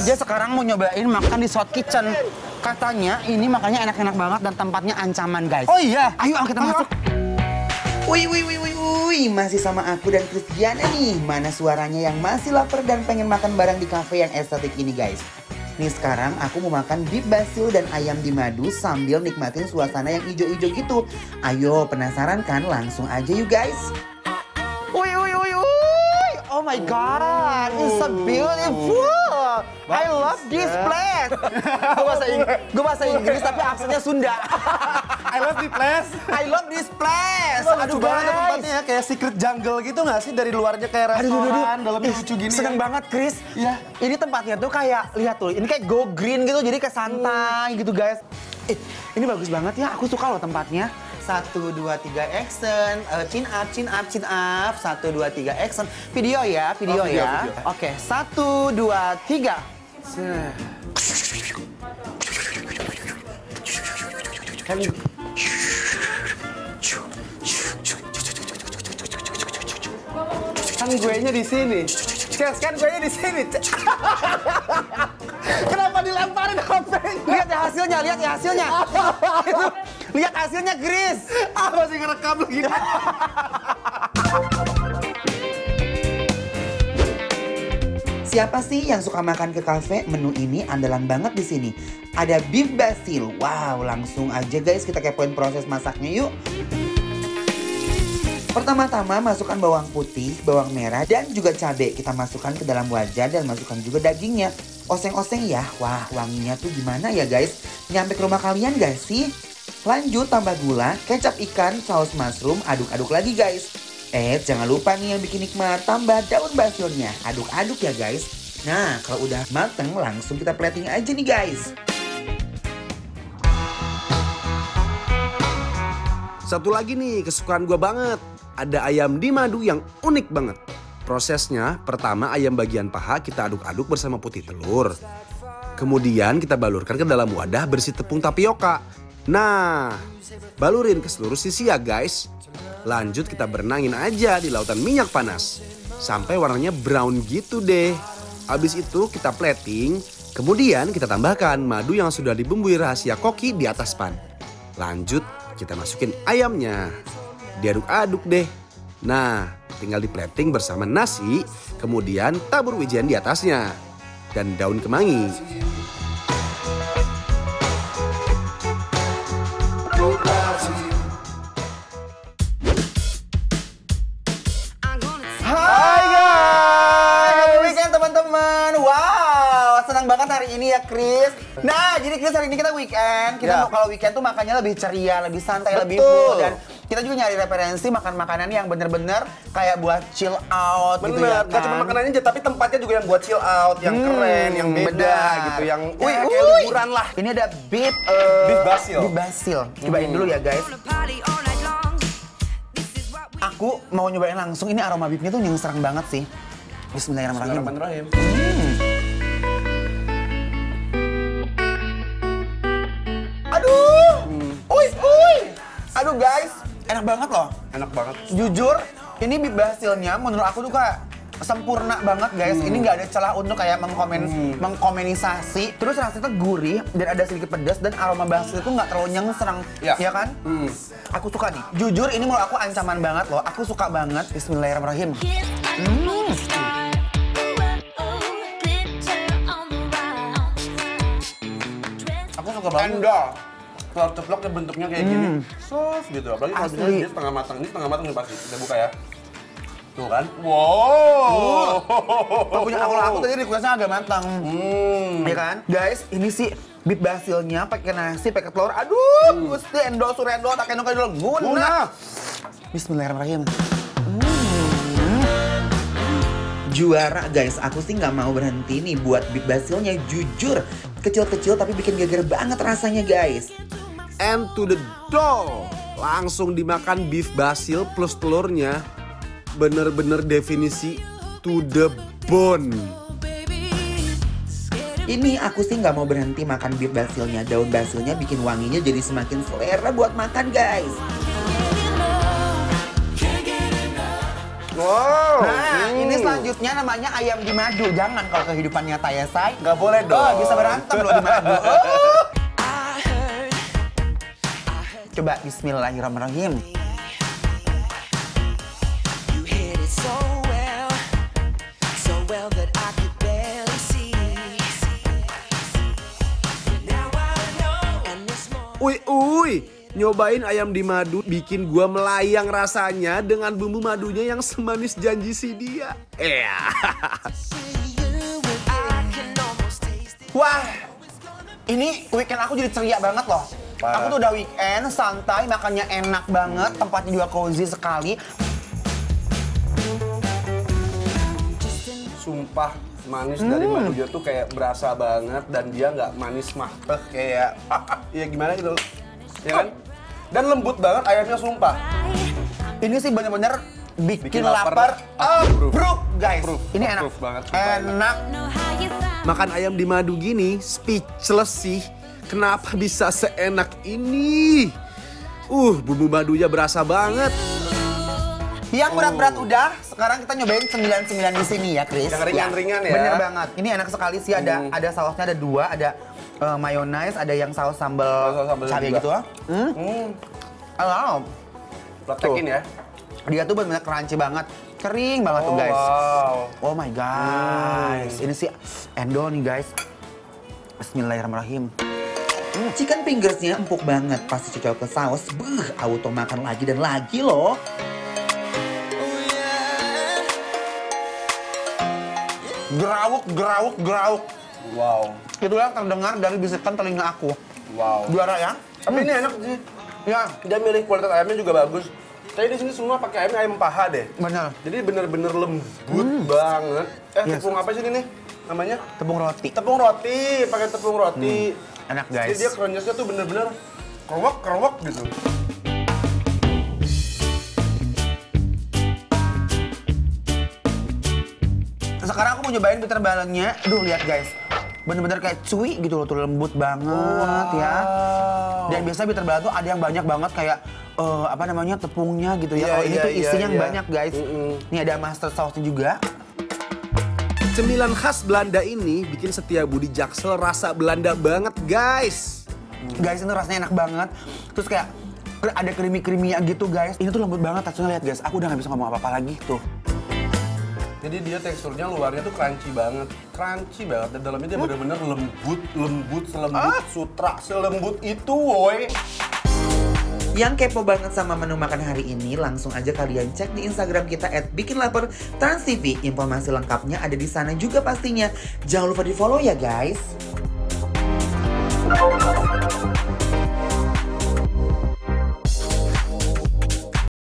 aja sekarang mau nyobain makan di South Kitchen. Katanya ini makannya enak-enak banget dan tempatnya ancaman, guys. Oh iya? Ayo, kita masuk. Wih, wih, wih, wih, wih, masih sama aku dan Christiana nih. Mana suaranya yang masih lapar dan pengen makan barang di cafe yang estetik ini, guys. Nih sekarang aku mau makan beef basil dan ayam di madu sambil nikmatin suasana yang ijo-ijo gitu. Ayo penasaran kan? Langsung aja yuk guys. Wih, wih, wih, wih. Oh my god, it's a beautiful. I love this eh. place. gue bahasa Inggris, bahasa Inggris tapi aksennya Sunda. I love this place. I love this place. Aduh, Aduh banget tempatnya ya? kayak secret jungle gitu gak sih dari luarnya kayak restoran, dalamnya lucu gini. Seneng ya. banget, Chris. Iya. Ini tempatnya tuh kayak lihat tuh, ini kayak go green gitu, jadi kayak santai gitu, guys. Eh, ini bagus banget ya, aku suka loh tempatnya satu dua tiga action uh, chin up chin up chin up satu dua tiga action video ya video, oh, video ya Oke, oke satu dua tiga Kevin. Kan gue nya di sini. Cez, kan gue nya di sini. Kenapa dilemparin hp Lihat ya hasilnya, lihat ya hasilnya. Lihat hasilnya, Gris. Ah, masih ngerekam lagi. Siapa sih yang suka makan ke kafe? Menu ini andalan banget di sini. Ada beef basil. Wow, langsung aja guys kita kepoin proses masaknya yuk. Pertama-tama masukkan bawang putih, bawang merah, dan juga cabai. Kita masukkan ke dalam wajan dan masukkan juga dagingnya. Oseng-oseng ya, wah wanginya tuh gimana ya guys? Nyampe ke rumah kalian gak sih? Lanjut tambah gula, kecap ikan, saus mushroom, aduk-aduk lagi guys. Eh, jangan lupa nih yang bikin nikmat, tambah daun basionnya. Aduk-aduk ya guys. Nah, kalau udah mateng langsung kita plating aja nih guys. Satu lagi nih, kesukaan gue banget. Ada ayam di madu yang unik banget. Prosesnya, pertama ayam bagian paha kita aduk-aduk bersama putih telur. Kemudian kita balurkan ke dalam wadah bersih tepung tapioka Nah, balurin ke seluruh sisi ya guys. Lanjut kita berenangin aja di lautan minyak panas. Sampai warnanya brown gitu deh. Abis itu kita plating, kemudian kita tambahkan madu yang sudah dibumbui rahasia koki di atas pan. Lanjut, kita masukin ayamnya. Diaduk-aduk deh. Nah, tinggal di plating bersama nasi, kemudian tabur wijen di atasnya. Dan daun kemangi. Chris. Nah, jadi Chris hari ini kita weekend. Kita yeah. mau kalau weekend tuh makannya lebih ceria, lebih santai, Betul. lebih full dan kita juga nyari referensi makan makanan yang bener-bener kayak buat chill out gitu Bener, gitu ya kan? gak cuma makanannya aja, tapi tempatnya juga yang buat chill out, yang hmm, keren, yang beda beda gitu, yang wih, ya, kayak liburan lah. Ini ada beef, uh, beef basil. Beef basil, cobain hmm. dulu ya guys aku mau nyobain langsung ini aroma beefnya tuh yang banget sih. Bismillahirrahmanirrahim. Bismillahirrahmanirrahim. Hmm. Aduh guys, enak banget loh. Enak banget. Jujur, ini bib hasilnya menurut aku tuh kayak sempurna banget guys. Hmm. Ini nggak ada celah untuk kayak mengkomen hmm. mengkomenisasi. Terus rasanya tuh gurih dan ada sedikit pedas dan aroma basil itu nggak terlalu serang, ya, ya kan? Hmm. Aku suka nih. Jujur ini menurut aku ancaman banget loh. Aku suka banget. Bismillahirrahmanirrahim. Hmm. Aku suka banget. Endor telur ceplok yang bentuknya kayak hmm. gini soft gitu apalagi kalau ini dia setengah matang ini setengah matang nih pasti kita buka ya tuh kan wow, uh. Kalau punya aku aku tadi requestnya agak matang hmm. ya kan guys ini sih bit basilnya pakai nasi pakai telur aduh hmm. gusti endol surendo, tak endo kayak dulu. guna Bismillahirrahmanirrahim juara guys. Aku sih nggak mau berhenti nih buat Big Basilnya jujur. Kecil-kecil tapi bikin geger banget rasanya guys. And to the door. Langsung dimakan beef basil plus telurnya. Bener-bener definisi to the bone. Ini aku sih nggak mau berhenti makan beef basilnya. Daun basilnya bikin wanginya jadi semakin selera buat makan guys. Wow. Nah, hmm. ini selanjutnya namanya ayam di madu. Jangan kalau kehidupan nyata ya, Say. Nggak boleh oh, dong. Oh, bisa berantem loh di madu. Oh. Coba bismillahirrahmanirrahim. Ui, ui, Nyobain ayam di madu bikin gua melayang rasanya dengan bumbu madunya yang semanis janji si dia. Eh. Wah, ini weekend aku jadi ceria banget loh. Parah. Aku tuh udah weekend, santai, makannya enak banget, tempatnya juga cozy sekali. Sumpah, manis hmm. dari madunya tuh kayak berasa banget dan dia nggak manis mah kayak ya gimana gitu ya kan? Dan lembut banget ayamnya sumpah. Ini sih bener-bener bikin, bikin lapar. Approve, guys. Proof. Ini enak. Proof banget. Enak. Makan ayam di madu gini speechless sih. Kenapa bisa seenak ini? Uh, bumbu madunya berasa banget. Yang berat-berat oh. udah, sekarang kita nyobain 99 di sini ya, Kris. Yang ringan-ringan ya. ya. Bener banget. Ini enak sekali sih ada hmm. ada sausnya ada dua, ada uh, mayonnaise, ada yang saus sambal, saus sambal cabai juga. gitu. Ah. Hmm. hmm. Wow. Praktekin ya. Dia tuh benar-benar crunchy banget. Kering banget oh, tuh guys. Wow. Oh my guys. Hmm. Ini sih endol nih guys. Bismillahirrahmanirrahim. Hmm. Chicken fingersnya empuk banget, pasti cocok ke saus. Beuh, auto makan lagi dan lagi loh. Gerawuk, gerawuk, gerawuk. Wow. Itu yang terdengar dari bisikan telinga aku. Wow. Juara ya. Tapi ini enak sih. Ya. Dia milih kualitas ayamnya juga bagus. Tapi di sini semua pakai ayam ayam paha deh. Benar. Jadi bener-bener lembut hmm. banget. Eh yes. tepung apa sih ini Namanya? Tepung roti. Tepung roti, pakai tepung roti. Hmm. Enak guys. Jadi dia kerennya tuh bener-bener kerwak kerwak gitu. Sekarang aku mau nyobain bitter balengnya. Aduh, lihat guys bener-bener kayak cuy gitu loh tuh lembut banget ya. wow. ya dan biasanya bitter balado tuh ada yang banyak banget kayak uh, apa namanya tepungnya gitu ya yeah, kalau yeah, ini iya, tuh iya, isinya yeah, yang yeah. banyak guys mm -hmm. ini ada master sauce juga Cemilan khas Belanda ini bikin setia Budi Jaksel rasa Belanda banget guys. Guys ini rasanya enak banget. Terus kayak ada krimi-kriminya gitu guys. Ini tuh lembut banget. Tasnya lihat guys, aku udah nggak bisa ngomong apa-apa lagi tuh. Jadi dia teksturnya luarnya tuh crunchy banget, crunchy banget dan dalamnya dia bener-bener lembut, lembut, selembut ah? sutra, selembut itu, woi. Yang kepo banget sama menu makan hari ini, langsung aja kalian cek di Instagram kita at Bikin Lapar TV. Informasi lengkapnya ada di sana juga pastinya. Jangan lupa di follow ya guys.